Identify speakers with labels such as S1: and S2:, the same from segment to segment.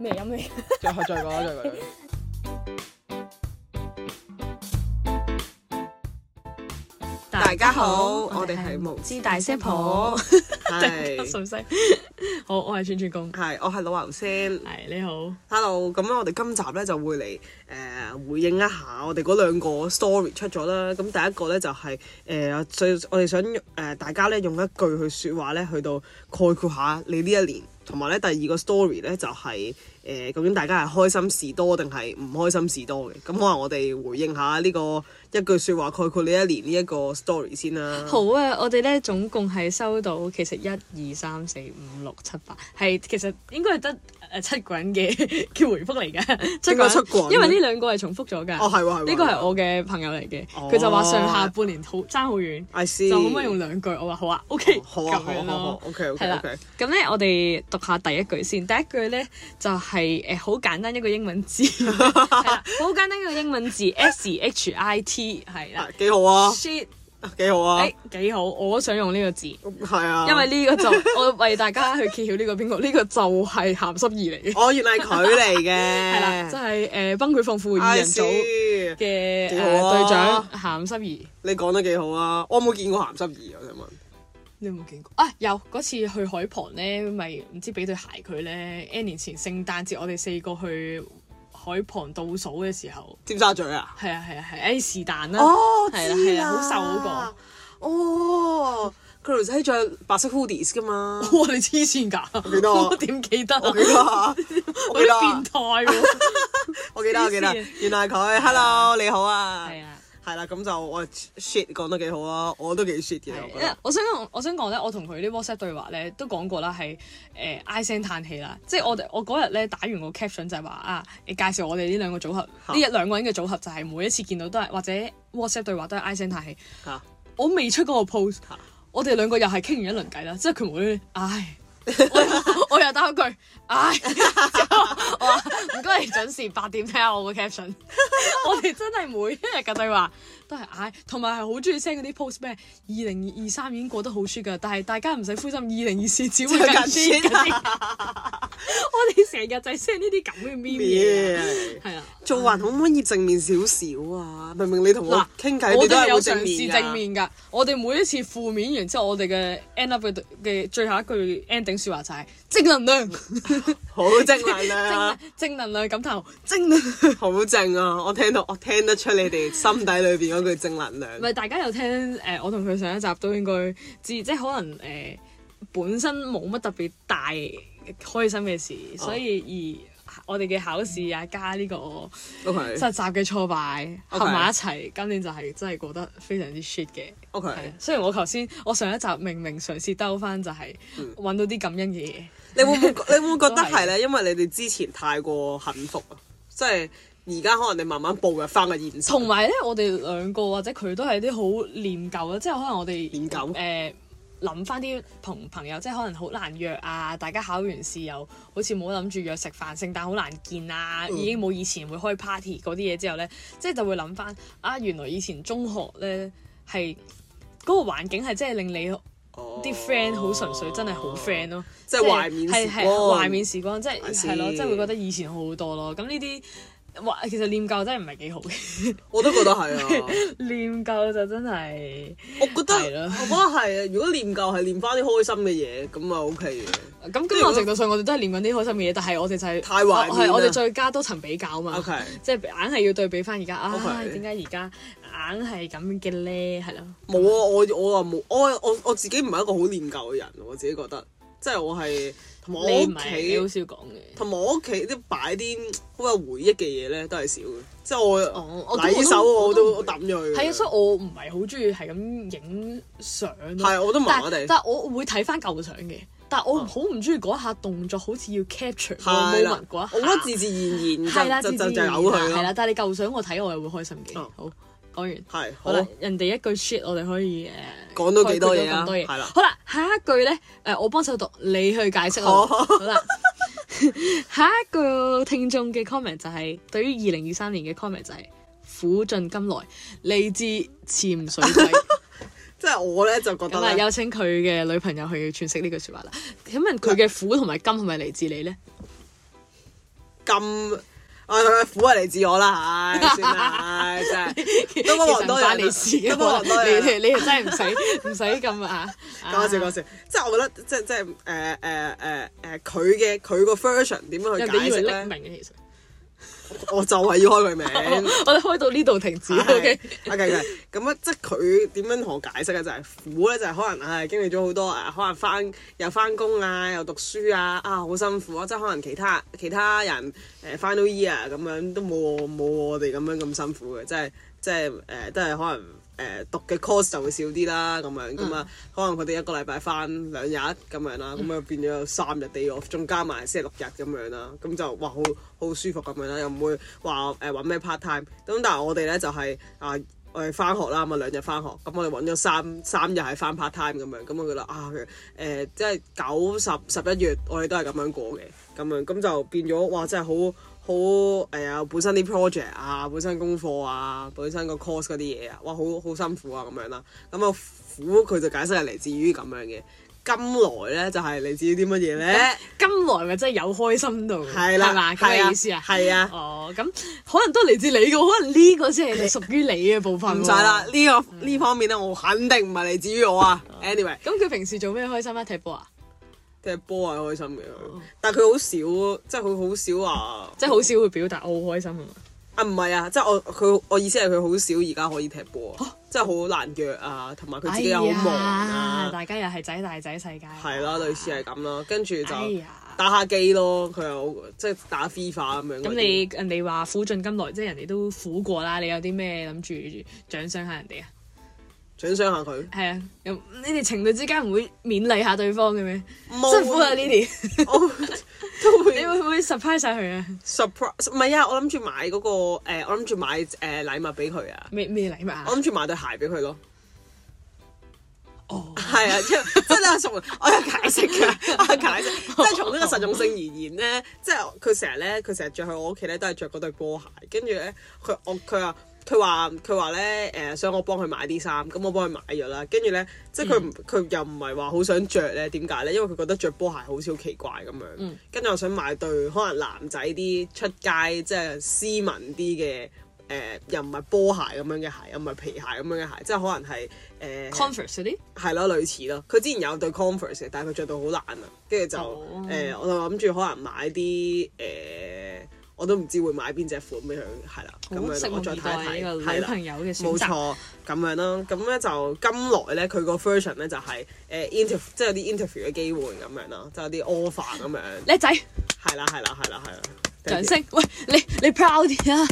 S1: 未飲未？再個再
S2: 個再個。大家好，我哋係無知大聲婆，即係熟悉。好，我係串串公，係我係老牛
S1: 先，係你好，Hello。咁啊，我哋今集咧就會嚟誒。回應一下，我哋嗰兩個 story 出咗啦。咁第一個咧就係、是、誒，所以、呃、我哋想誒、呃、大家咧用一句去説話咧，去到概括下你呢一年。同埋咧，第二個 story 咧就係、是、誒、呃、究竟大家係開心事多定係唔開心事多嘅？咁可能我哋回應下呢、這個。一句説話概括你一年呢一個 story 先啦。好
S2: 啊，我哋咧總共係收到其實一二三四五六七八，係其實應該係得誒七個人嘅叫「回覆」嚟噶。應該出國。因為呢兩個係重複咗㗎。哦，係喎、啊，係喎、啊。呢個係我嘅朋友嚟嘅，佢、哦、就話上下半年好爭好遠。我知、哦。就可唔可以用兩句？我話好啊，OK、哦。好啊，OK，OK 係啦，咁咧我哋讀下第一句先。第一句咧就係誒好簡單一個英文字，好 簡單一個英文字 S H I T。係啦，幾好啊，幾好啊，幾好，我都想用呢個字，係、嗯、啊，因為呢個就 我為大家去揭曉呢個邊個，呢、這個就係鹹濕兒嚟嘅，哦，原嚟係佢嚟嘅，係啦，就係誒崩潰放負二人組嘅隊、啊啊呃、長
S1: 鹹濕兒，啊、你講得幾好啊，我冇見過鹹濕兒啊，我想問，
S2: 你有冇見過啊？有嗰次去海旁咧，咪唔知俾對鞋佢咧，N 年前聖誕節我哋四個去。海旁倒數嘅時候，尖沙咀啊，係啊係啊係，哎是但啦，係啊係啊，好、啊哦啊啊、瘦嗰、嗰個，哦，
S1: 佢條仔着白色 hoodies 噶嘛，哇你啊、我話你黐線㗎，幾多？我點記
S2: 得我，我記得，啊我記得我，我，得我， 我變
S1: 態、啊，
S2: 我記得我記得， 原來佢 ，hello 你
S1: 好啊。 係啦，咁就我 shit 講得幾好啊！我都幾 shit 嘅。
S2: 我想我想講咧，我同佢啲 WhatsApp 對話咧都講過啦，係誒唉聲嘆氣啦。即係我哋我嗰日咧打完個 caption 就係話啊，你介紹我哋呢兩個組合呢一哈兩個人嘅組合，就係每一次見到都係或者 WhatsApp 對話都係唉聲嘆氣。嚇哈！我未出嗰個 post，哈我哋兩個又係傾完一輪偈啦，即係佢會唉。我 我又得一句，唉、哎， 我話唔該你準時八點聽下我嘅 caption， 我哋真係每一日嘅對話。都係嗌，同埋係好中意 send 嗰啲 post 咩？二零二三已經過得好舒服㗎，但係大家唔使灰心，二零二四只會更甜。近啊、 我哋成日就 send 呢啲咁嘅 meme 嘢。
S1: 啊麼，的做人可唔可以正面少少啊？明明你同我傾偈，嘩你都係有正面
S2: 㗎、啊。我哋每一次負面完之後，我哋嘅 end up 嘅最後一句 ending 説話就係正能量，嗯、 好正能量、
S1: 啊 正，
S2: 正能量感頭，正
S1: 能量， 好正啊！我聽到，我聽得出你哋心底裏邊。 講句正能量，唔係
S2: 大家有聽誒、呃？我同佢上一集都應該知，即係可能誒、呃、本身冇乜特別大開心嘅事，oh. 所以而我哋嘅考試啊，加呢個實習嘅挫敗 Okay. 合埋一齊，Okay. 今年就係真係過得非常之 shit 嘅。OK，雖然我頭先我上一集明明嘗試兜翻，就係揾到啲感恩嘅嘢、嗯， 你會唔會你會唔會覺得係咧？是
S1: 因為你哋之前太過幸福啊，即係。而家可能你慢慢步入翻個現實，同埋咧，
S2: 我哋兩個或者佢都係啲好念舊咯，即係可能我哋念舊，誒、呃，諗翻啲同朋友，即係可能好難約啊，大家考完試又好似冇諗住約食飯，聖誕好難見啊，嗯、已經冇以前會開 party 嗰啲嘢之後咧，嗯、即係就會諗翻啊，原來以前中學咧係嗰個環境係真係令你啲 friend 好純粹真 friend，哦，真係好 friend 咯，即係懷念時光，懷念時光，即係係咯，I see. 即係會覺得以前好好多咯，咁呢啲。其實念舊真係唔係幾好嘅， 我都覺得係啊。 念舊就真係，我覺得， 我覺得係啊。如果念舊係念翻
S1: 啲開心嘅嘢，咁啊 OK 嘅。
S2: 咁今日程度上，我哋都係念緊啲開心嘅嘢，但係我哋就係太壞，係我哋再加多層比較啊嘛，Okay. 即係硬係要對比翻而家啊，點解而家硬係咁嘅咧？係咯，
S1: 冇啊！我我又冇，我我我，我自己唔係一個好念舊嘅人，我自己覺得，即係我係。 我唔係好少講嘅，同埋我屋企啲擺啲好有回憶嘅嘢咧，都係少嘅。即係我，哦、我，一手我都我我會，我都抌咗佢。係啊，
S2: 所以我唔係好中意係咁影相。係啊，我都麻麻地。但係我會睇翻舊相嘅，但我好唔中意嗰一下動作好下，好似要 capture moment 我覺得自自然
S1: 然就了就就咬佢。係啦，
S2: 但係你舊相我睇我又會開心嘅。嗯、好。講完係好啦，人哋一句 shit，我哋可以誒講到幾多嘢咁、啊、多嘢係啦，對了 好啦，下一句咧誒，我幫手讀，你去解釋好啦，下一個聽眾嘅 comment 就係、是、對於二零二三年嘅 comment 就係、是、苦盡甘來，嚟自潛水龜。
S1: 即係我咧就覺得咁啊，有請
S2: 佢嘅女朋友去詮釋呢句說話啦。請問佢嘅苦同埋甘係咪嚟自你咧？
S1: 甘。哎、苦係嚟自我啦，唉、哎，算啦、哎，真係 其
S2: 實 都冇人都多嘢嚟自，多你你，你真係唔使唔使咁啊！多謝多謝，
S1: 即係我覺得，即係即係誒誒誒誒，佢嘅佢個 version 點樣去解釋咧？其實 我就係要開佢名，
S2: 我哋開到呢度停止。O K，阿勁勁咁
S1: 啊，Okay. okay, okay. 即係佢點樣同我解釋啊？就係、是、苦咧，就係、是、可能唉、哎，經歷咗好多啊，可能翻又翻工啊，又讀書啊，啊好辛苦啊！即係可能其他其他人誒 Final Year 啊，咁、呃、樣都冇冇我哋咁樣咁辛苦嘅，即係即係誒、呃、都係可能。誒讀嘅 course 就會少啲啦，咁、嗯、樣咁啊，可能佢哋一個禮拜翻兩日咁樣啦，咁啊變咗三日 day off，仲加埋星期六日咁樣啦，咁就哇好好舒服咁樣啦，又唔會話誒揾咩 part time，咁但係我哋咧就係啊，我哋翻學啦，咁啊兩日翻學，咁我哋揾咗三三日係翻 part time 咁樣，咁我覺得啊誒即係九十十一月我哋都係咁樣過嘅，咁樣咁就變咗哇真係好～好誒啊，本身啲 project 啊，本身功課啊，本身個 course 嗰啲嘢啊，哇，好好辛苦啊咁樣啦、啊，咁啊苦佢就解釋係嚟自於咁樣嘅，今來咧就係、是、嚟自於啲乜嘢咧？今來咪真係有開心到嘅，係咪啦啊？咩意思啊？係啊。哦，咁可能都嚟自你嘅，可能呢個先係屬於你嘅部分、啊。唔使啦，呢、呢個呢、嗯、方面咧，我肯定唔係嚟自於我啊。嗯、anyway，咁
S2: 佢平時做咩開心啊？踢波啊？
S1: 踢波係開心嘅，但係佢好少，即係佢好少話， 即係好少會表達我好、哦、開心係嘛？啊，唔係啊，即係我佢我意思係佢好少而家可以踢波，即係好難約啊，同埋佢自己又好忙啊、哎，
S2: 大家又係仔大仔世界，
S1: 係啦，哎、呀類似係咁咯，跟住就打下機咯，佢又
S2: 即係打 FIFA 咁樣、哎呀。咁你人哋話苦盡甘來，即係人哋都苦過啦，你有啲咩諗住獎賞下人哋啊？想賞下佢，係啊！你哋情侶之間唔會勉勵下對方嘅咩？啊、辛苦啊，Lily， 你
S1: 會唔會 surprise 曬佢啊？surprise 唔係啊！我諗住買嗰、那個、欸、我諗住買誒、呃、禮物俾佢、oh. 啊！咩咩禮物啊？我諗住買對鞋俾佢咯。哦，係啊，即即阿叔，我有解釋嘅， 我解釋，即係從呢個實用性而言咧，即係佢成日咧，佢成日着去我屋企咧都係着嗰對波鞋，跟住咧佢我佢話。佢話佢話咧誒想我幫佢買啲衫，咁我幫佢買咗啦。跟住咧，即係佢佢又唔係話好想着咧，點解咧？因為佢覺得着波鞋好似好奇怪咁樣。跟住、嗯、我想買對可能男仔啲出街即係斯文啲嘅誒，又唔係波鞋咁樣嘅鞋，又唔係皮鞋咁樣嘅鞋，即係可能係誒 Converse 係咯，類似咯。佢之前有對 Converse 嘅，但係佢着到好爛啊。跟住就誒、哦呃，我就諗住可能買啲誒。呃我都唔知會買邊隻款咁樣，係啦，咁樣拭我再睇一睇。係啦，冇錯，咁樣咯。咁咧就今來咧，佢個 version 咧就係誒 inter 即係有啲 interview 嘅 inter 機會咁樣咯，即係有啲 offer 咁樣。叻仔，係啦，係啦，
S2: 係啦，係啦。上升，喂，你你 proud 啲啊？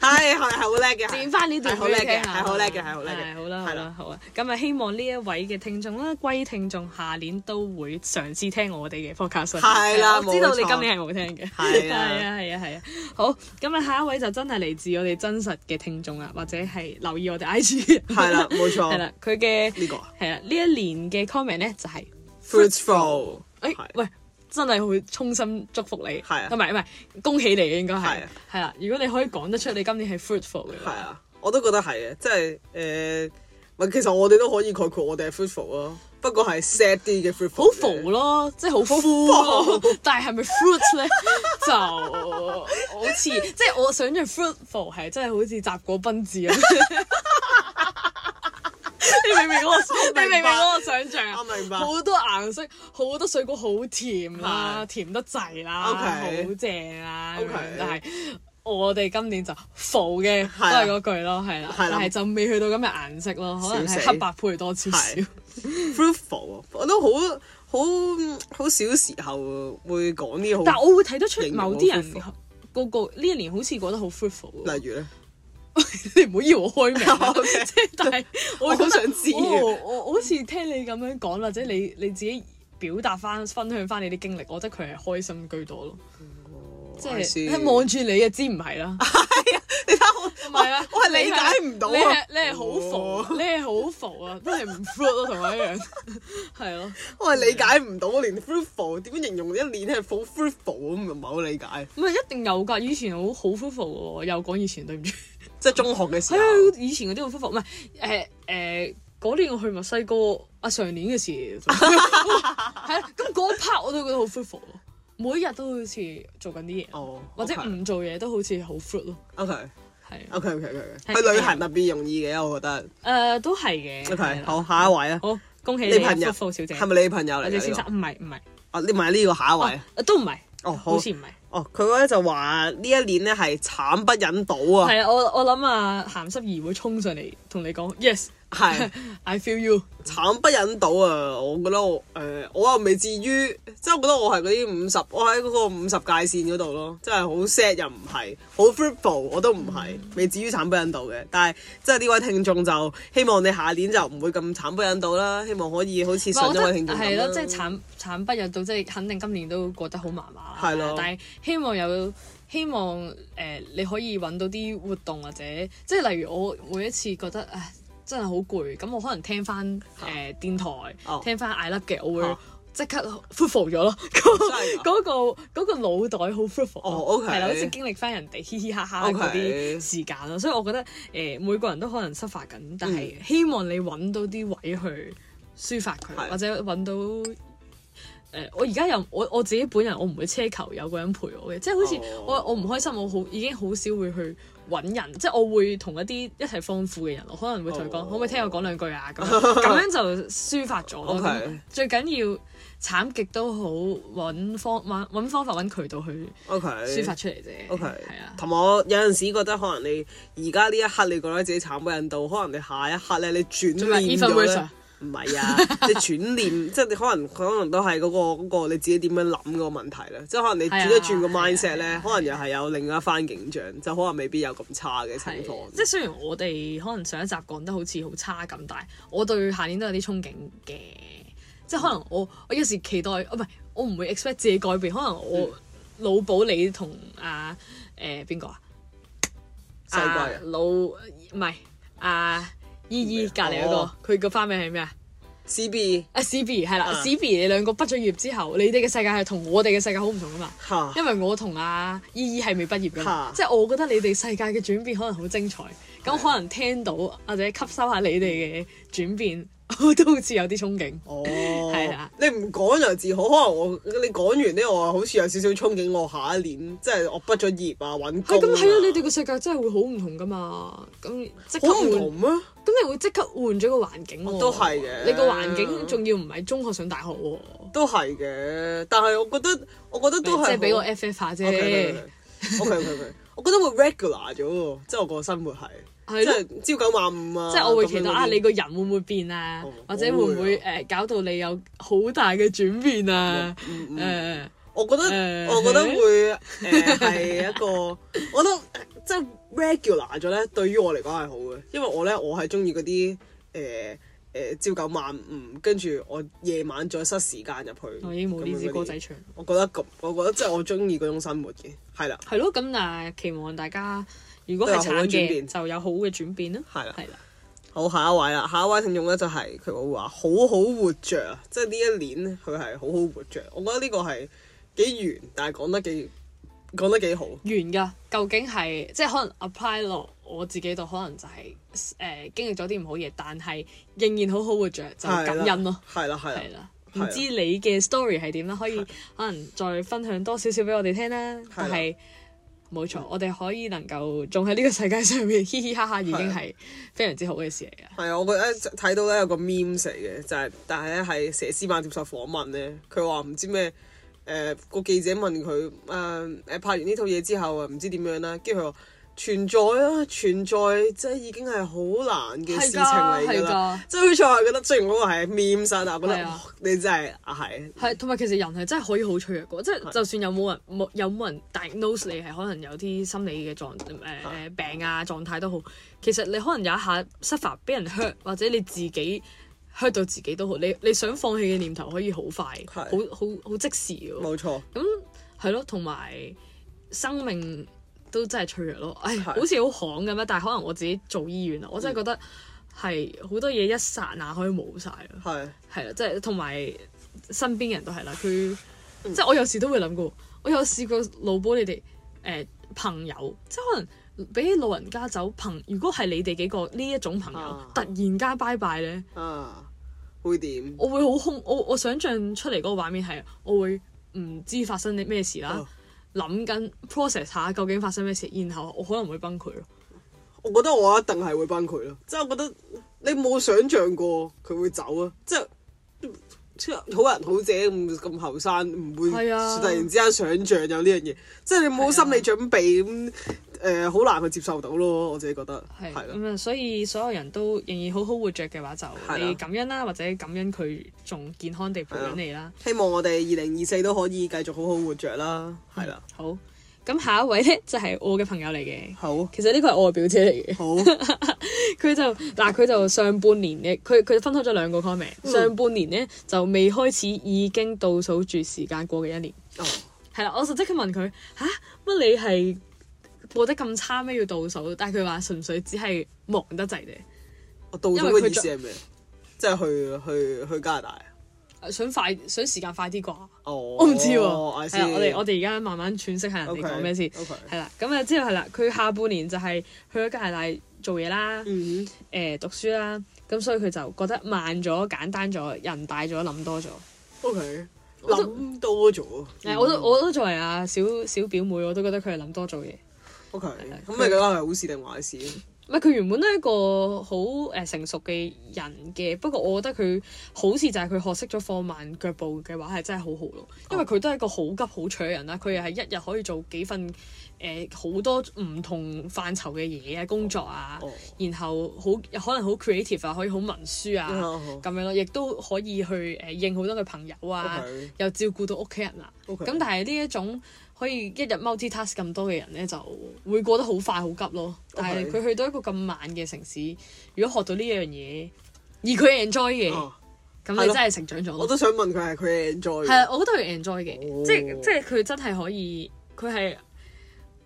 S2: 係，係好叻嘅，剪翻呢段好叻嘅，係好叻嘅，係好叻嘅，好啦，好啦，好啊！咁啊，希望呢一位嘅聽眾啦，歸聽眾下年都會嘗試聽我哋嘅 Podcast。係啦，冇錯。我知道你今年係冇聽嘅。係啊，係啊，係啊，好！咁啊，下一位就真係嚟自我哋真實嘅聽眾啊，或者係留意我哋 IG。係啦，冇錯。係啦，佢嘅呢個係啦，呢一年嘅 comment 咧就係 fruitful。誒，喂。真係會衷心祝福你，同埋唔係恭喜你嘅應該係，係啦、啊。如果你可以講得出你今年係 fruitful 嘅？係啊，我
S1: 都覺得係嘅。即係誒，唔、呃、其實我哋都可以概括我哋係 fruitful 咯，不過係
S2: sad 啲嘅 fruitful。好 full 咯，即係好 full 咯。但係係咪 fruit 咧？就好似即係我想象 fruitful 係真係好似雜果賓治啊！ 你明唔明嗰個，你明唔明嗰個想像，我明白好多顏色，好多水果好甜啦，的甜得滯啦，OK，好正啦，OK，但係我哋今年就浮嘅都係嗰句咯，係啦的，的但係就未去到咁嘅顏色咯，的可能係黑白配多啲少的 fruitful 我
S1: 都好好好少時候會講啲好，但係我會睇得出某啲人
S2: 嗰個呢一年好似過得好 fruitful 例如咧。你唔好以為我開名，即係，但係我好想知。我我好似聽你咁樣講，或者你你自己表達翻、分享翻你啲經歷，我覺得佢係開心居多咯。即係，你望住你啊，知唔係啦？係啊，你睇我唔係啊，我係理解唔到。你係你係好浮，你係好浮啊，都係唔 ful 咯，同我一樣。係咯，我係理解唔到，連 fruitful 點樣形容一年係 fruitful 咁，唔係好理解。唔係一定有噶，以前好好 fruitful 噶，又講以前，對唔住。即係中學嘅時候，係啊！以前嗰啲好豐富，唔係誒，誒嗰年我去墨西哥啊，上年嘅事係啊！咁嗰 part 我都覺得好豐富咯，每日都好似做緊啲嘢，或者唔做嘢都好似好 full 咯。OK，係 OK OK OK 去旅
S1: 行特別容易嘅，我覺得
S2: 誒都係嘅。OK，
S1: 好，下一位啊！好恭喜你，富小姐係咪你朋友嚟？或者先生，唔係唔係啊？你唔係呢個下一位啊？都唔係，哦，好似唔係。哦，佢咧就話呢一年咧係慘不忍睹啊！係啊，
S2: 我我諗啊鹹濕兒
S1: 會衝上嚟同你講 Yes。係 ，I feel you，慘不忍睹啊！我覺得我、呃、我又未至於，即係我覺得我係嗰啲五十，我喺嗰個五十界線嗰度咯，即係好 sad 又唔係，好 fruitful 我都唔係，嗯、未至於慘不忍睹嘅。但係即係呢位聽眾就希望你下年就唔會咁慘不忍睹啦，希望可以好似上一位聽眾咁啦，係咯，即係、就是、慘
S2: 慘不忍睹，即、就、係、是、肯定今年都過得好麻麻啦。係咯了，但係希望有希望誒、呃，你可以揾到啲活動或者即係例如我每一次覺得唉。真係好攰，咁我可能聽翻誒、呃、電台，啊、聽翻 I Love 嘅，我會即刻 fulfill 咗咯。嗰嗰 個腦袋好 fulfill，係啦，好似經歷翻人哋嘻嘻哈哈嗰啲 okay. 時間咯。所以我覺得誒、呃、每個人都可能失發緊，但係希望你揾到啲位去抒發佢，嗯、或者揾到誒、呃、我而家又我我自己本人，我唔會奢求有個人陪我嘅，即、就、係、是、好似我我唔開心，我好已經好少會去。揾人，即係我會同一啲一齊豐富嘅人，我可能會同佢講、oh.，可唔可以聽我講兩句啊？咁咁樣就抒發咗 Okay.，最緊要慘極都好，揾方揾揾方法揾渠道去抒發出嚟啫。O K，係啊，
S1: 同埋我有陣時覺得，可能你而家呢一刻你覺得自己慘不忍睹，可能你下一刻咧你轉咗唔係啊！你轉念，即係你可能可能都係嗰個嗰個你自己點樣諗個問題咧。即係可能你轉一轉個 mindset 咧，可能又係有另一番景象，就可能未必有咁差嘅情況。
S2: 即係雖然我哋可能上一集講得好似好差咁，但係我對下年都有啲憧憬嘅。即係可能我我有時期待唔係我唔會 expect 自己改變。可能我老保你同阿，誒邊個啊？老唔係啊？依依隔籬嗰個，佢個花名係咩啊？CB 啊 CB 係啦，CB 你兩個畢咗業之後，你哋嘅世界係同我哋嘅世界好唔同噶嘛？Uh. 因為我同阿依依係未畢業嘅，uh. 即係我覺得你哋世界嘅轉變可能好精彩，咁、uh. 可能聽到或者吸收下你哋嘅轉變。Uh. 嗯 我都好似有啲憧憬、oh, 對，
S1: 哦，係啦，你唔講就自可，可能我你講完呢我好似有少少憧憬，我下一年即係、就是、我畢咗業啊，揾工。咁係啊，你
S2: 哋個世界真係會好唔同㗎嘛，咁即刻換。好唔同咩？咁你會即刻換咗個環境。啊、都係嘅，你個環境仲要唔係中學上大學喎。都係嘅，但係我覺得，我覺得都係即俾我 FF 下啫。
S1: OK，我覺得會 regular 咗，即、就、係、是、我個生活係。係，即係
S2: 朝九晚五啊！即係我會期待啊，你個人會唔會變啊？或者會唔會誒搞到你有好大嘅轉變啊？我覺得我覺得會
S1: 誒係一個，我覺得即係 regular 咗咧，對於我嚟講係好嘅，因為我咧我係中意嗰啲誒誒朝九晚五，跟住我夜晚再塞時間入去。我已經冇呢支歌仔唱。我覺得咁，我覺得即係我中意嗰種生活嘅，係啦。
S2: 係咯，咁但係期望大家。如果係慘嘅，就有好嘅轉變啦。係啦，係啦。
S1: 好，下一位啦，下一位聽眾咧就係佢會話好好活著，即係呢一年佢係好好活著。我覺得呢個係幾圓，但係講得幾講得幾好。圓噶，
S2: 究竟係即係可能 apply 落我自己度，可能就係誒經歷咗啲唔好嘢，但係仍然好好活著，就感恩咯。係啦，係啦，係啦。唔知你嘅 story 係點啦？可以可能再分享多少少俾我哋聽啦，但係。冇錯，嗯、我哋可以能夠仲喺呢個世界上面嘻嘻哈哈，已經係非常之好嘅事嚟
S1: 嘅。係啊，我覺得睇到咧有個 meme 嚟嘅，就係、是、但係咧係佘詩曼接受訪問咧，佢話唔知咩誒、呃、個記者問佢誒、呃、拍完呢套嘢之後啊，唔知點樣啦，跟住佢話。存在啊，存在即係已經係好難嘅事情嚟㗎，即係好在，我覺得雖然嗰個係面曬，但係覺得，的
S2: 你真係啊，係。係，同埋其實人係真係可以好脆弱嘅，即係的就算有冇人冇有冇人，但係 diagnose 你係可能有啲心理嘅狀誒、呃、病啊、狀態都好。其實你可能有一下 suffer，俾人 hurt，或者你自己 hurt 到自己都好。你你想放棄嘅念頭可以好快，好好好即時。冇錯。咁係咯，同埋生命。都真係脆弱咯，是的 哎，好似好旱咁樣？但係可能我自己做醫院啊，我真係覺得係好多嘢一剎那可以冇晒是的。啦，係係啦，即係同埋身邊人都係啦，佢、嗯、即係我有時都會諗過，我有試過攞波你哋誒、呃、朋友，即係可能俾老人家走朋，如果係你哋幾個呢一種朋友、啊、突然間拜拜咧、啊，會點？我會好空，我我想像出嚟嗰個畫面係，我會唔知發生啲咩事啦。Oh. 諗緊 process 下究竟發生咩事，然後我可能會崩潰咯。
S1: 我覺得我一定係會崩潰咯。即係我覺得你冇想象過佢會走啊！即係。出好人好姐咁咁後生，唔會突然之間想象有呢樣嘢， 即係你冇心理準備咁誒，好、 嗯呃、難去接受到咯。我自己覺得係咁
S2: 啊，所以所有人都仍然好好活著嘅話，就係你感恩啦，或者感恩佢仲健康地陪緊你啦。
S1: 希望我哋二零二四都可以繼續好好活著啦，係啦、嗯。好，
S2: 咁下一位咧就係、是、我嘅朋友嚟嘅。好，其實呢個係我嘅表姐嚟嘅。好。 佢 就嗱，佢就上半年嘅，佢佢就分開咗兩個 comment。Mm. 上半年呢，就未開始，已經倒數住時間過嘅一年。哦，係啦，我即刻問佢，吓，乜你係過得咁差，咩要倒數？但係佢話純粹只係忙得滯啫。我倒數嘅意思係咩？即係去去去加拿大想快想時間快啲啩？哦，
S1: 我唔知喎。係我哋我哋
S2: 而家慢慢詮釋下人哋講咩先。係啦 Okay. Okay.，咁啊之後係啦，佢下半年就係去咗加拿大。做嘢啦，誒、mm hmm. 讀書啦，咁所以佢就覺得慢咗、簡單咗、人大咗、諗多咗。O K，諗多咗。誒也、嗯，我都我都作為啊小小表妹，我都覺得佢係諗多做嘢。O K，咁你覺
S1: 得係好事定壞事？
S2: 唔係佢原本都係一個好誒成熟嘅人嘅，不過我覺得佢好似就係佢學識咗放慢腳步嘅話，係真係好好咯。因為佢都係一個好急好搶嘅人啦，佢又係一日可以做幾份誒呃、好多唔同範疇嘅嘢啊，工作啊，oh, oh. 然後好可能好 creative 啊，可以好文書啊咁，oh, oh. 樣咯，亦都可以去誒應好多嘅朋友啊，Okay. 又照顧到屋企人啦。咁 Okay. 但係呢一種。可以一日 multi task 咁多嘅人咧，就會過得好快好急咯。Okay. 但係佢去到一個咁慢嘅城市，如果學到呢樣嘢，而佢係 enjoy
S1: 嘅，咁你、哦、真係成長咗。我都想
S2: 問佢係佢係 enjoy 嘅？係，我覺得佢 enjoy 嘅，即係即係佢真係可以，佢係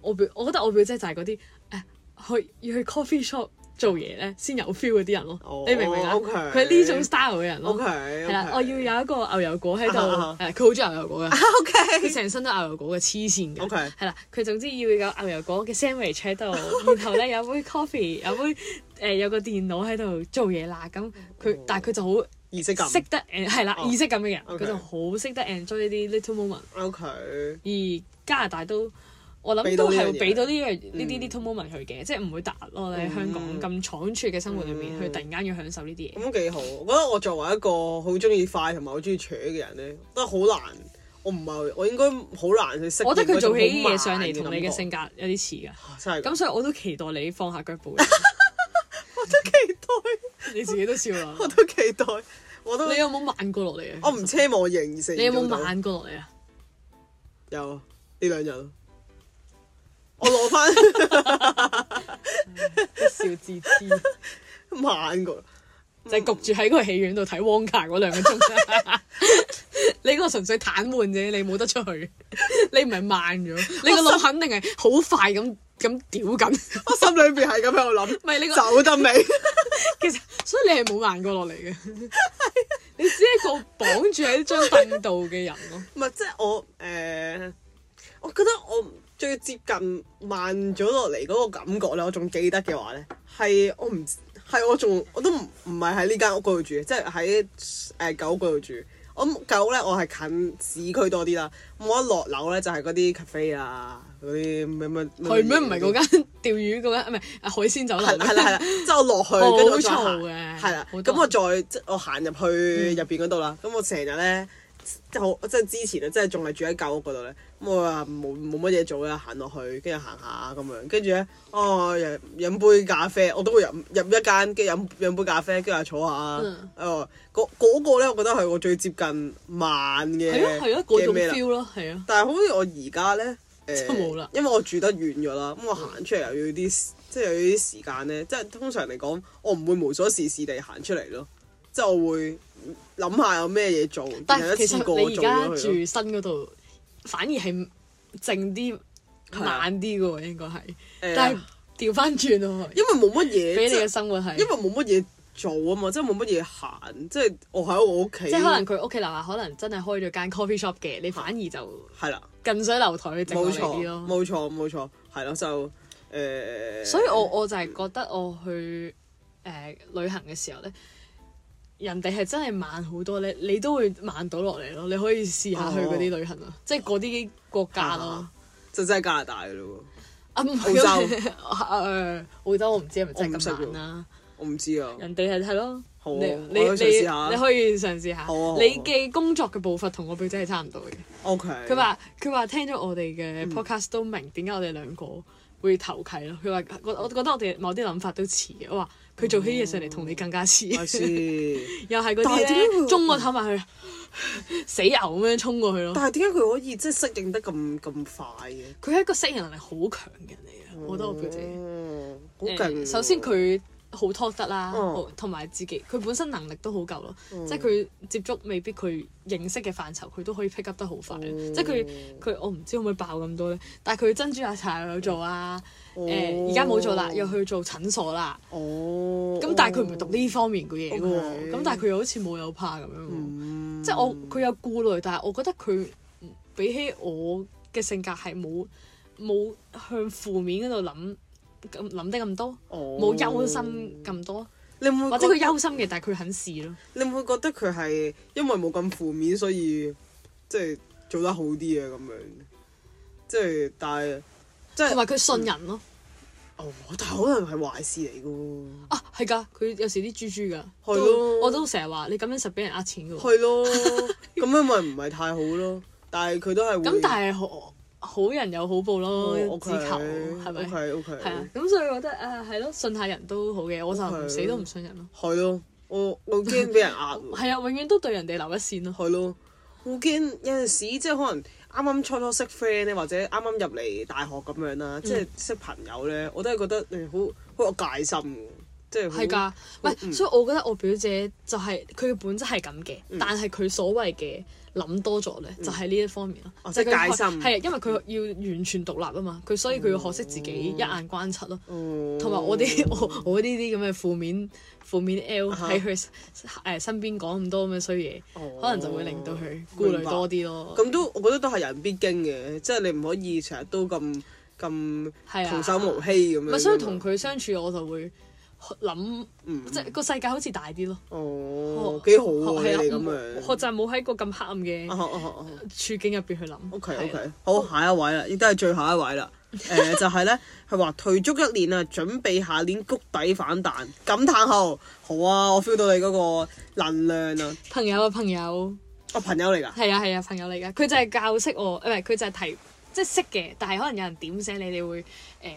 S2: 我表，我覺得我表姐就係嗰啲誒去要去 coffee shop。做嘢咧先有 feel 嗰啲人咯，你明唔明啊？佢呢種 style 嘅人咯，係啦，我要有一個牛油果喺度，佢好鍾意牛油果嘅，佢成身都牛油果嘅黐線嘅，係啦，佢總之要有牛油果嘅 sandwich 喺度，然後咧有杯 coffee，有杯誒有個電腦喺度做嘢啦，咁佢但係佢就好意識感，識得誒係啦意識感嘅人，佢就好識得 enjoy 啲 little moment。O.K. 而加拿大都。我諗都係會俾到呢樣呢啲 little moment 佢嘅，即係唔會突咯。你喺香港咁倉促嘅生活裏面，佢突然間要享受呢啲嘢。咁
S1: 幾好，我覺得我作為一個好中意快同埋好中意 chur 嘅人咧，都好難。我唔係，我應該好難去識。我覺得佢做起啲嘢上嚟，同你嘅性
S2: 格有啲似噶。真係。咁所以我都期待你放下腳步。我都期待。你自己都笑啦。我都期待。我都。你有冇慢過落嚟啊？我唔
S1: 奢望我認識。你有冇慢過落嚟啊？有呢兩日
S2: 我攞翻一笑之知、 嗯， 慢過了，就係焗住喺嗰個戲院度睇、er《汪卡》嗰兩個鐘。你嗰個純粹癱瘓啫，你冇得出去， 你唔係慢咗，你個腦肯定係好快咁咁屌緊。我心裏邊係咁喺度諗，唔係你個走得未？ 其實，所以你係冇慢過落嚟嘅。 你只係一個綁住喺張凳度嘅人咯。
S1: 唔係， 即係我誒、呃，我覺得我。最接近慢咗落嚟嗰個感覺咧，我仲記得嘅話咧，係我唔係我仲我都唔唔係喺呢間屋嗰度住，即係喺誒舊屋嗰度住。我舊屋咧，我係近市區多啲啦。咁我一落樓咧，就係嗰啲 cafe 啊，嗰啲咩咩係咩？唔係嗰間
S2: 釣魚嗰間，唔係、啊、海鮮酒樓。係啦係啦，即係我落去，好嘈嘅。
S1: 係啦，咁我再即我行入去入邊嗰度啦。咁、嗯、我成日咧即係好即係之前咧，即係仲係住喺舊屋嗰度咧。咁我話冇冇乜嘢做啦，行落去，跟住行下咁樣，跟住咧，哦，飲飲杯咖啡，我都會飲飲一間，跟住飲飲杯咖啡，跟住坐下。哦、嗯，嗰、嗯嗰個咧，我覺得係我最接近慢嘅嘅咩啦？係啊。啊覺啊但係好似我而家咧，誒、呃，因為我住得遠咗啦，咁我行出嚟又要啲，即係又要啲時間咧。即係通常嚟講，我唔會無所事事地行出嚟咯。即係我會諗下有咩嘢做，但係一次過做咗佢。
S2: 住反而係靜啲、慢啲嘅喎，應該係，的但係調翻轉咯，因為冇乜嘢俾你嘅生
S1: 活係，因為冇乜嘢做啊嘛，就是、我我即係冇乜嘢行，即係我喺我屋企，即係可能佢
S2: 屋企樓下可能真係開咗間 coffee shop 嘅，的你反而就係啦，近水樓台去整啲咯，
S1: 冇錯冇錯，係咯就誒，呃、所以我
S2: 我就係覺得我去誒、呃、旅行嘅時候咧。人哋係真係慢好多咧，你都會慢到落嚟咯。你可以試下去嗰啲旅行啊，即係嗰啲國家咯。就真係加拿大嘅咯。啊唔係，澳洲誒澳洲我唔知係咪真係咁慢啦。我唔知啊。人哋係係咯。好啊。你你可以嘗試下。你嘅工作嘅步伐同我表姐係差唔多嘅。O K。佢話佢話聽咗我哋嘅 podcast 都明點解我哋兩個會投契咯。佢話我我覺得我哋某啲諗法都似嘅，我話。佢做起嘢上嚟同你更加似， 又係嗰啲衝啊，攪埋佢， 死牛咁樣衝過去咯。但係點解佢可以即係適應得咁咁快嘅？佢係一個適應能力好強嘅人嚟嘅，嗯、我覺得我表姐好勁。首先佢好拖得啦，同埋自己佢本身能力都好夠咯，嗯、即係佢接觸未必佢認識嘅範疇，佢都可以 pick up 得好快。嗯、即係佢佢我唔知可唔可以爆咁多咧，但係佢珍珠奶茶又有做啊。啊啊啊誒而家冇做啦，又去做診所啦。哦。咁但係佢唔係讀呢方面嘅嘢喎，咁 Okay. 但係佢又好似冇有，有怕咁樣。哦、嗯。即係我佢有顧慮，但係我覺得佢比起我嘅性格係冇冇向負面嗰度諗咁諗得咁多。冇、oh，憂心咁多。你會唔會或者佢憂心嘅，但係佢肯試咯。你會唔會覺得佢係因為冇咁負
S1: 面，所以即係做得好啲啊？咁樣即係但係。
S2: 即係同埋佢信人咯、
S1: 哦嗯，哦，但係可能係壞事嚟噶
S2: 喎。啊，係㗎，佢有時啲豬豬㗎，了我都成日話你咁樣實俾人呃錢㗎喎。係
S1: 咯了，咁 樣咪唔係太好咯。但係佢都係會咁，但係好人有好報咯，只、哦 okay，求係咪？係屋企，啊 okay, okay,，咁所以覺得啊，
S2: 係、呃、咯，信下人都好嘅，我就死都唔信人咯。
S1: 係咯、okay，我我驚俾人呃。係
S2: 啊， 永遠都對人哋留一線咯。係
S1: 咯，我驚有陣時即係可能。啱啱初初識 friend 咧，或者啱啱入嚟大學咁樣啦，即係識朋友咧，我都係覺得誒好好有戒心。即係噶，
S2: 唔係的很，所以我覺得我表姐就係佢嘅本質係咁嘅，嗯、但係佢所謂嘅諗多咗咧，就係呢一方面咯，即係戒心。係因為佢要完全獨立啊嘛，佢所以佢要學識自己一眼關七咯，同埋、哦、我啲我我呢啲咁嘅負面負面 l 喺佢誒身邊講咁多咁嘅衰嘢，啊、哈可能就會令到佢顧慮多啲咯。咁
S1: 都、哦、我覺得都係人必經嘅，即、就、係、是、你唔可以成日都咁咁童叟無欺咁樣啊。所以同
S2: 佢相處我就會。諗即係個世界好似大啲咯。哦、oh, 我，幾好啊！你咁樣學習冇喺個咁黑暗嘅處境入邊去諗。OK OK，
S1: 好，下一位啦，亦、oh. 都係最後一位啦。誒、 呃、就係、是、咧，佢話退足一年啊，準備下年谷底反彈，感嘆號。好啊，我 feel 到你嗰個能量啊。
S2: 朋友啊，朋友，啊、
S1: 哦、朋友嚟㗎。係
S2: 啊係啊，朋友嚟㗎。佢、啊啊啊啊、就係教識我，誒佢就係提，即係識嘅，但係可能有人點醒你你會誒。呃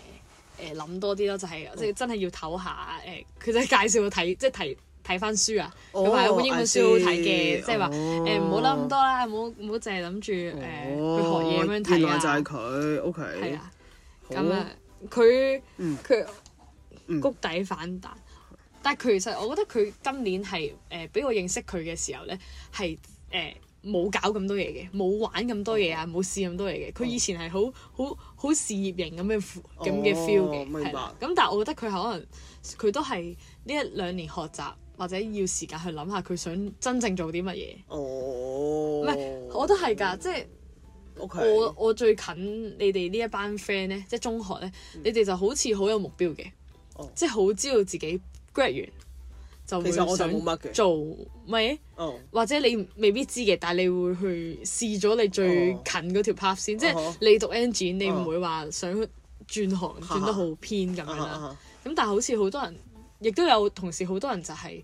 S2: 誒諗多啲咯，就係即係真係要唞下誒，佢、oh. 欸、就介紹我睇，即係睇睇翻書啊。佢話有本英文書好睇嘅，即係話誒，唔好諗咁多啦，唔好唔好淨係諗住誒去學嘢咁樣睇啊。意外就
S1: 係佢，OK，係啊，
S2: 咁啊，佢佢、mm. 谷底反彈，mm. 但係佢其實我覺得佢今年係誒，俾、呃、我認識佢嘅時候咧，係誒。呃冇搞咁多嘢嘅，冇玩咁多嘢啊，冇試咁多嘢嘅。佢以前係好好好事業型咁嘅咁嘅 feel 嘅，oh, 明白。咁但係我覺得佢可能佢都係呢一兩年學習或者要時間去諗下佢想真正做啲乜嘢。哦，唔係，我都係㗎，即係、oh. Okay. 我我最近你哋呢一班 friend 咧，即係中學咧，oh. 你哋就好似好有目標嘅，即係好知道自己 grad 完。就其實我就冇乜嘅做，咪是、oh, 或者你未必知嘅，但係你會去試咗你最近嗰條 path oh. Oh. 先，即係你讀 engine 你唔會話想轉行轉得偏好偏咁樣啦。咁但係好似好多人，亦都有同事好多人就係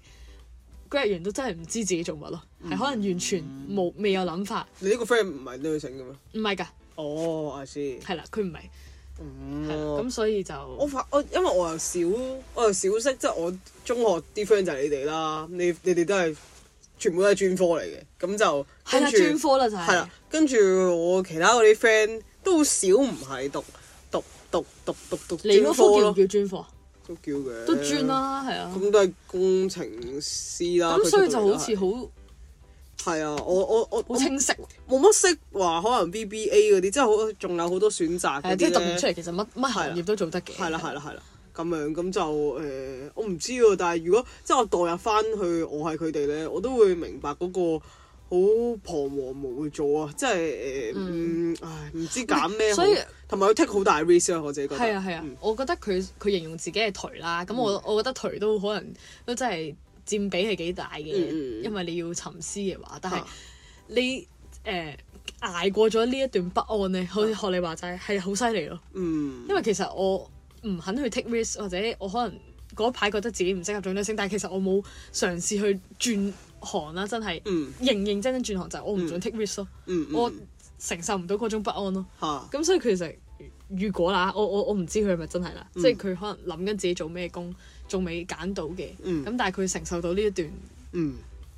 S2: graduate 完都真係唔知自己做乜咯，係、mm hmm. 可能完全冇未有諗法。你呢個 friend 唔係你去整嘅咩？唔係㗎，哦、oh, I，see 係啦，佢唔係。
S1: 哦，咁、嗯、所以就我發我，因為我又少，我又少識，即係我中學啲 friend 就係你哋啦，你你哋都係全部都係專科嚟嘅，咁就係啊專科啦就係，跟住我其他我啲 friend 都少唔係讀讀讀讀讀讀專科咯，你嗰科叫唔叫專科都叫
S2: 嘅，都專啦，係
S1: 啊，咁都係工程師啦。咁所以就好似好。係啊，我我我好清晰，冇乜識話可能 BBA 嗰啲，即係好仲有好多選擇嗰啲咧。即係讀出嚟，其
S2: 實乜乜行業都做得嘅。係啦係啦係啦，
S1: 咁樣咁就誒、呃，我唔知喎。但係如果即係我代入翻去，我係佢哋咧，我都會明白嗰個好彷徨無助啊！即係誒，呃、嗯，唉，唔知揀咩。所以同埋佢 take 好大 risk 啊！我自己覺得。係啊係啊，
S2: 我覺得佢佢形容自己係頹啦。咁我我覺得頹都可能都真係。佔比係幾大嘅嘢，mm. 因為你要沉思嘅話，但係你誒、啊呃、捱過咗呢一段不安咧，好似學你話齋係好犀利咯。Mm. 因為其實我唔肯去 take risk，或者我可能嗰排覺得自己唔適合做呢啲嘢，但係其實我冇嘗試去轉行啦，真係、mm. 認認真真轉行就係我唔想 take risk 咯。Mm. 我承受唔到嗰種不安咯。咁、mm. 啊、所以其實如果啦，我我我唔知佢係咪真係啦，mm. 嗯、即係佢可能諗緊自己做咩工。仲未揀到嘅，咁、嗯、但係佢承受到呢一段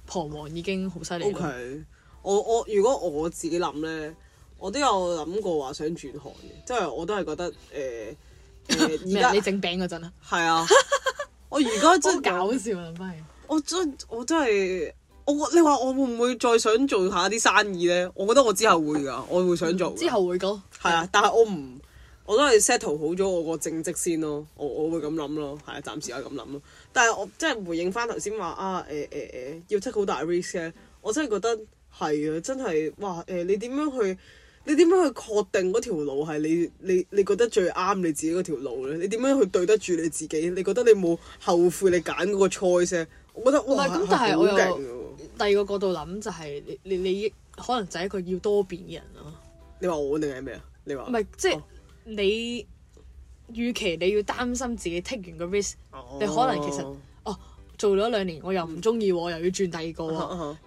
S2: 彷徨已經好犀利。OK，
S1: 我我如果我自己諗咧，我都有諗過話想轉行嘅，即係我都係覺得誒誒，咩？你整餅嗰陣啊？係啊， 我如果真
S2: 搞笑啊。翻起，
S1: 我真我真係我你話我會唔會再想做下啲生意咧？我覺得我之後會㗎，我會想做。之後會㗎。係啊，但係我唔。我都係 settle 好咗我個正職先咯。我我會咁諗咯，係啊，暫時係咁諗咯。但係我即係回應翻頭先話啊，誒誒誒，要出好大 risk，我真係覺得係啊，真係哇誒、欸！你點樣去你點樣去確定嗰條路係你你你覺得最啱你自己嗰條路咧？你點樣去對得住你自己？你覺得你冇後悔你揀嗰個 choice？
S2: 我覺得哇，但係好勁嘅喎。第二個角度諗就係、是、你你你可能就係一個要多變嘅人咯、
S1: 啊。你話我定係咩啊？你話唔係即係。就
S2: 是 oh. 你預期你要擔心自己 take 完個 risk，你可能其實哦做咗兩年我又唔中意我又要轉第二個，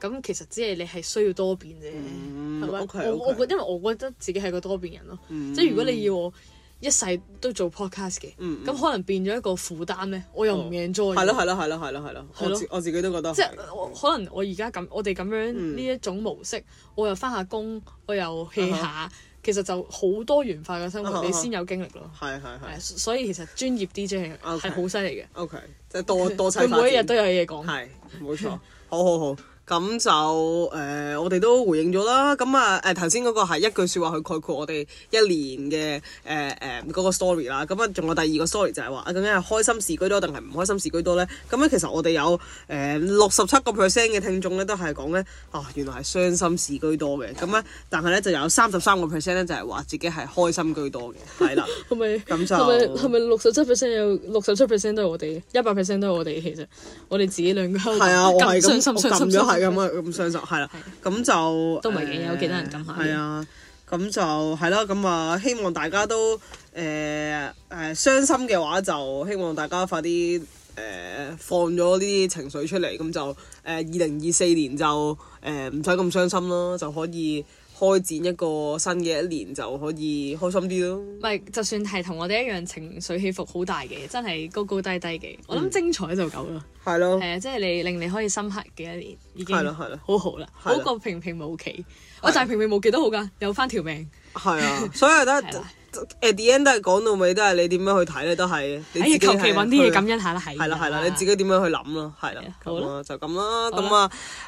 S2: 咁其實只係你係需要多變啫，係咪？我我覺得因為我覺得自己係個多變人咯，即係如果你要我一世都做 podcast 嘅，咁可能變咗一個負擔咧，我又唔 enjoy。係咯係咯係咯係
S1: 咯係咯，我自己都覺得。即係
S2: 可能我而家咁，我哋咁樣呢一種模式，我又翻下工，我又 hea 下。其實就好多元化嘅生活，你先有經歷咯。係係係。啊啊啊啊啊、所以其實專業 DJ 係好犀利嘅。O K，即係多多佢 每一日都有嘢講。
S1: 係，冇錯。好好好。咁就誒，我哋都回應咗啦。咁啊誒，頭先嗰個係一句説話去概括我哋一年嘅誒誒嗰個 story 啦。咁啊，仲有第二個 story 就係話，究竟係開心事居多定係唔開心事居多咧？咁咧，其實我哋有誒六十七個 percent 嘅聽眾咧，都係講咧啊，原來係傷心事居多嘅。咁咧，但係咧就有三十三個 percent 咧，就係話自己係開心居多嘅。係啦，係
S2: 咪？咁就係咪？係咪六十七 percent 有六十七 percent 都係我哋，一百 percent 都係我哋。其實我哋自己兩個係啊，我係咁，係咁
S1: 啊，咁傷心。係啦，咁就都唔係嘅，有幾多人咁嚇。係啊，咁就係啦，咁啊，希望大家都誒誒、呃呃、傷心嘅話，就希望大家快啲誒、呃、放咗呢啲情緒出嚟，咁就誒二零二四年就誒唔使咁傷心啦，就可以。開展一個新嘅一年就可以開心啲咯。
S2: 唔係，就算係同我哋一樣情緒起伏好大嘅，真係高高低低嘅。我諗精彩就夠啦。係咯。係啊，即係你令你可以深刻嘅一年已經係咯係咯，好好啦，好過平平無奇。我就係平平無奇都好噶，有翻條命。係啊，所以得誒
S1: ，the end 都係講到尾都係你點樣去睇咧，都係。哎呀，求其揾啲嘢感恩下啦，係。係啦係啦，你自己點樣去諗咯，係啦，好啦，就咁啦，咁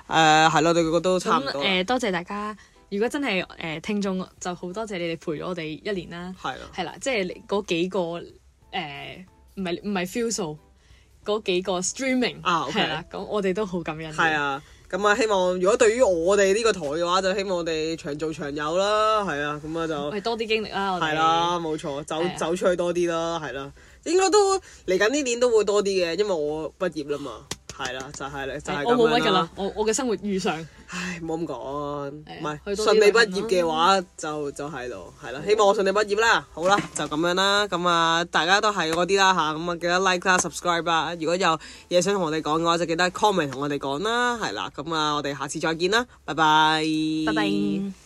S1: 啊誒係咯，你個個都差唔多。誒，
S2: 多謝大家。如果真係誒、呃、聽眾就好多謝你哋陪咗我哋一年啦，係是、啊、啦，即係嗰幾個唔係唔係 feel 數嗰幾個 streaming 係、啊 okay. 啦，咁我哋都好感恩。係啊，
S1: 咁啊希望如果對於我哋呢個台嘅話，就希望我哋長做長有啦，係啊，咁啊就係
S2: 多啲經歷啦，係啦，
S1: 冇、啊、錯，走走出去多啲啦，係啦、啊啊，應該都嚟緊呢年都會多啲嘅，因為我畢業啦嘛。係啦，就係、是、啦，就係、是、咁樣啦。我冇乜噶啦，我我嘅生活遇上，唉，冇咁講，唔係去到順利畢業嘅話，嗯、就就喺度，係啦。嗯、希望我順利畢業啦。好啦，就咁樣啦。咁啊，大家都係嗰啲啦吓，咁啊，記得 like 啦，subscribe 啦。如果有嘢想同我哋講嘅話，就記得 comment 同我哋講啦。係啦，咁啊，我哋下次再見啦，拜拜。叭叭。